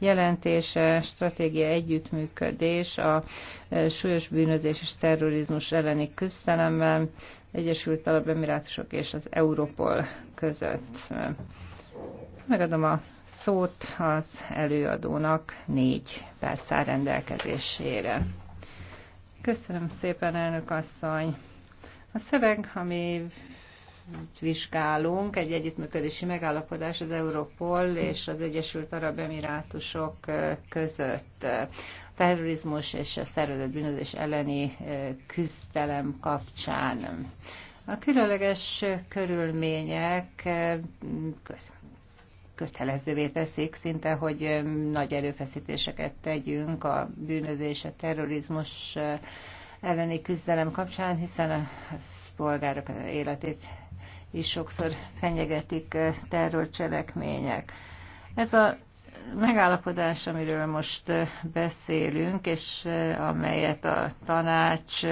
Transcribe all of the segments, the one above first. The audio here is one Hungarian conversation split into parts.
jelentése, eh, stratégia együttműködés a eh, súlyos bűnözés és terrorizmus elleni küzdelemben, Egyesült Arab Emirátusok és az Európol között. Megadom a szót az előadónak négy perc áll rendelkezésére. Köszönöm szépen, elnök asszony! A szöveg, ami vizsgálunk, egy együttműködési megállapodás az Europol és az Egyesült Arab Emirátusok között. A terrorizmus és a szervezett bűnözés elleni küzdelem kapcsán. A különleges körülmények kötelezővé teszik szinte, hogy nagy erőfeszítéseket tegyünk a bűnözés, a terrorizmus elleni küzdelem kapcsán, hiszen a polgárok életét is sokszor fenyegetik eh, terrorcselekmények. Ez a megállapodás, amiről most eh, beszélünk, és eh, amelyet a tanács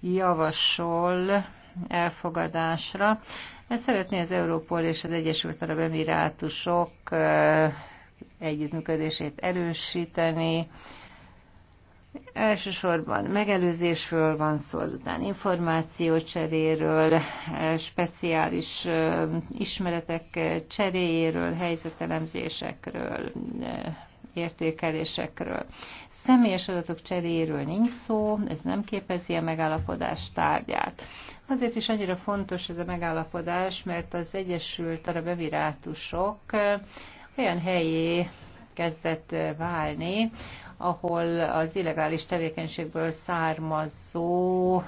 javasol elfogadásra, ezt szeretné az Európol és az Egyesült Arab Emirátusok együttműködését erősíteni, Elsősorban megelőzésről van szó, azután információcseréről, speciális ismeretek cseréjéről, helyzetelemzésekről, értékelésekről. Személyes adatok cseréjéről nincs szó, ez nem képezi a megállapodás tárgyát. Azért is annyira fontos ez a megállapodás, mert az Egyesült Arab Emirátusok olyan helyé kezdett válni, ahol az illegális tevékenységből származó,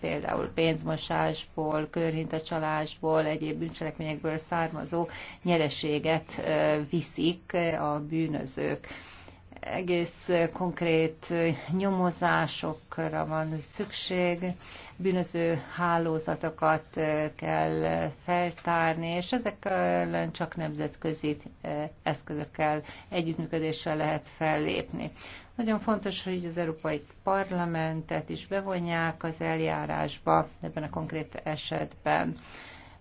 például pénzmosásból, körhintacsalásból, egyéb bűncselekményekből származó nyereséget viszik a bűnözők egész konkrét nyomozásokra van szükség, bűnöző hálózatokat kell feltárni, és ezek ellen csak nemzetközi eszközökkel, együttműködéssel lehet fellépni. Nagyon fontos, hogy az Európai Parlamentet is bevonják az eljárásba ebben a konkrét esetben.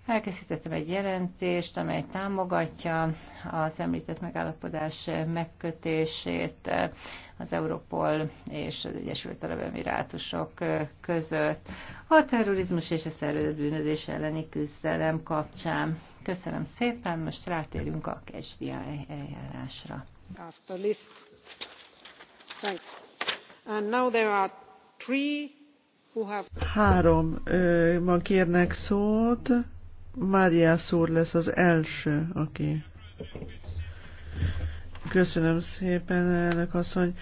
Elkészítettem egy jelentést, amely támogatja az említett megállapodás megkötését az Európol és az Egyesült Arab Emirátusok között a terrorizmus és a szervezetbűnözés elleni küzdelem kapcsán. Köszönöm szépen, most rátérünk a KSDI eljárásra. After list. Három ma kérnek szót. Mária úr lesz az első, aki. Köszönöm szépen, elnök asszony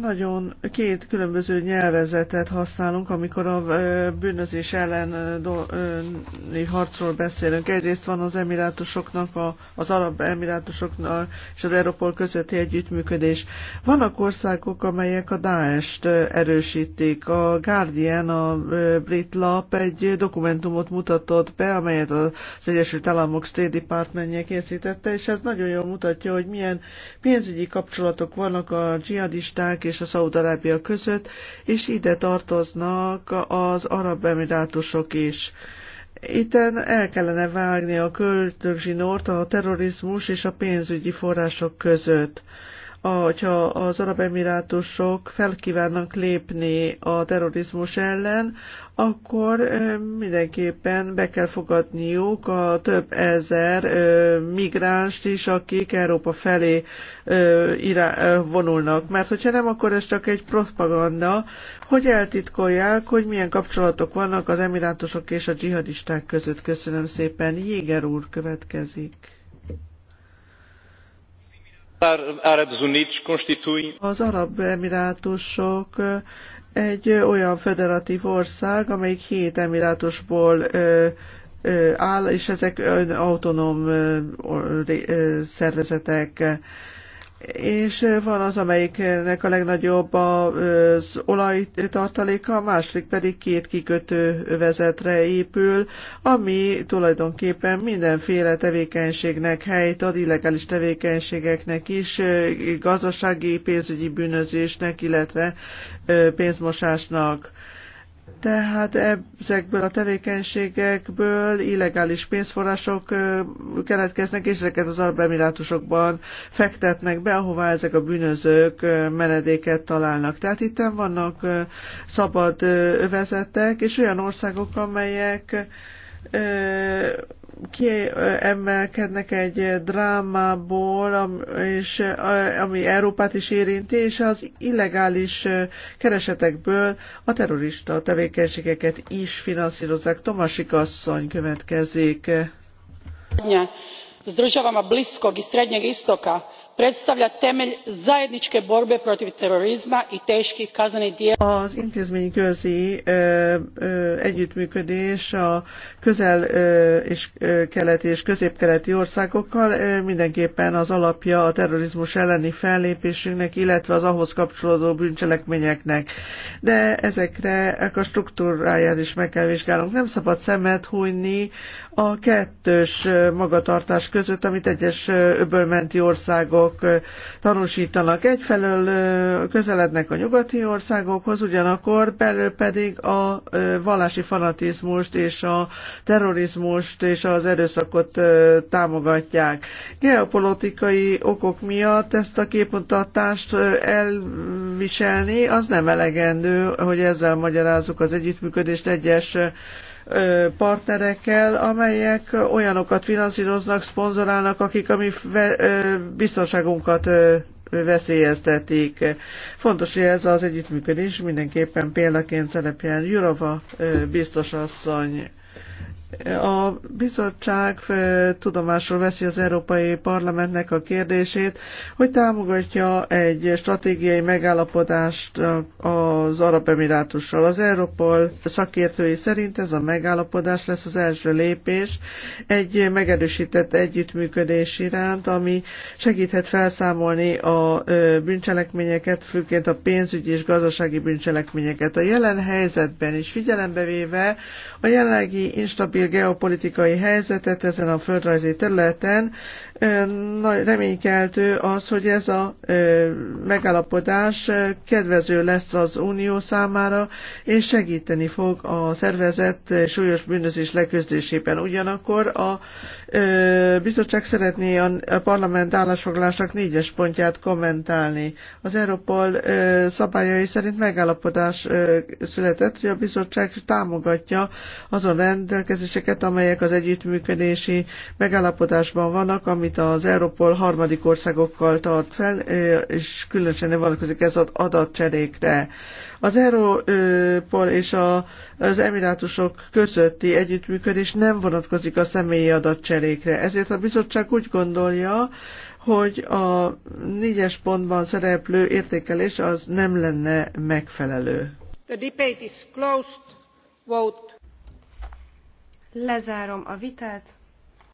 nagyon két különböző nyelvezetet használunk, amikor a bűnözés elleni harcról beszélünk. Egyrészt van az emirátusoknak, a, az arab emirátusoknak és az Európol közötti együttműködés. Vannak országok, amelyek a Daesh-t erősítik. A Guardian, a brit lap egy dokumentumot mutatott be, amelyet az Egyesült Államok State department készítette, és ez nagyon jól mutatja, hogy milyen pénzügyi kapcsolatok vannak a dzsihadisták Törökország és a Szaudarábia között, és ide tartoznak az Arab Emirátusok is. Itten el kellene vágni a költőzsinort a terrorizmus és a pénzügyi források között hogyha az arab emirátusok felkívánnak lépni a terrorizmus ellen, akkor mindenképpen be kell fogadniuk a több ezer migránst is, akik Európa felé vonulnak. Mert hogyha nem, akkor ez csak egy propaganda, hogy eltitkolják, hogy milyen kapcsolatok vannak az emirátusok és a dzsihadisták között. Köszönöm szépen. Jéger úr következik. Az Arab Emirátusok egy olyan federatív ország, amelyik hét emirátusból áll, és ezek autonóm szervezetek és van az, amelyiknek a legnagyobb az olajtartaléka, a másik pedig két kikötő vezetre épül, ami tulajdonképpen mindenféle tevékenységnek helyt ad, illegális tevékenységeknek is, gazdasági, pénzügyi bűnözésnek, illetve pénzmosásnak. Tehát ezekből a tevékenységekből illegális pénzforrások keletkeznek, és ezeket az Arab Emirátusokban fektetnek be, ahová ezek a bűnözők menedéket találnak. Tehát itt vannak szabad övezetek, és olyan országok, amelyek kiemelkednek egy drámából, és, ami Európát is érinti, és az illegális keresetekből a terrorista tevékenységeket is finanszírozzák. Tomasik asszony következik. Zdržavama Bliskog i Srednjeg Istoka predstavlja temelj zajednike borbe protiv terorizma i tekih kaznenih djela. az intézményközi együttműködés a közel és keleti és középkeleti országokkal mindenképpen az alapja a terrorizmus elleni fellépésünknek, illetve az ahhoz kapcsolódó bűncselekményeknek. De ezekre a struktúráját is meg kell vizsgálnunk. Nem szabad szemet hunyni a kettős magatartás között, amit egyes öbölmenti országok országok tanúsítanak. Egyfelől közelednek a nyugati országokhoz, ugyanakkor belül pedig a vallási fanatizmust és a terrorizmust és az erőszakot támogatják. Geopolitikai okok miatt ezt a képmutatást elviselni az nem elegendő, hogy ezzel magyarázzuk az együttműködést egyes partnerekkel, amelyek olyanokat finanszíroznak, szponzorálnak, akik a mi biztonságunkat veszélyeztetik. Fontos, hogy ez az együttműködés mindenképpen példaként szerepel. Jurova biztos asszony a bizottság tudomásul veszi az Európai Parlamentnek a kérdését, hogy támogatja egy stratégiai megállapodást az Arab Emirátussal. Az Európol szakértői szerint ez a megállapodás lesz az első lépés egy megerősített együttműködés iránt, ami segíthet felszámolni a bűncselekményeket, főként a pénzügyi és gazdasági bűncselekményeket. A jelen helyzetben is figyelembe véve a jelenlegi instabil geopolitikai helyzetet ezen a földrajzi területen. Nagy reménykeltő az, hogy ez a megállapodás kedvező lesz az Unió számára, és segíteni fog a szervezet súlyos bűnözés leküzdésében. Ugyanakkor a bizottság szeretné a parlament állásfoglalásnak négyes pontját kommentálni. Az Európol szabályai szerint megállapodás született, hogy a bizottság támogatja azon rendelkezés kérdéseket, amelyek az együttműködési megállapodásban vannak, amit az Europol harmadik országokkal tart fel, és különösen vonatkozik ez az adatcserékre. Az Európol és a, az Emirátusok közötti együttműködés nem vonatkozik a személyi adatcserékre, ezért a bizottság úgy gondolja, hogy a négyes pontban szereplő értékelés az nem lenne megfelelő. The debate is closed. Vote Lezárom a vitát.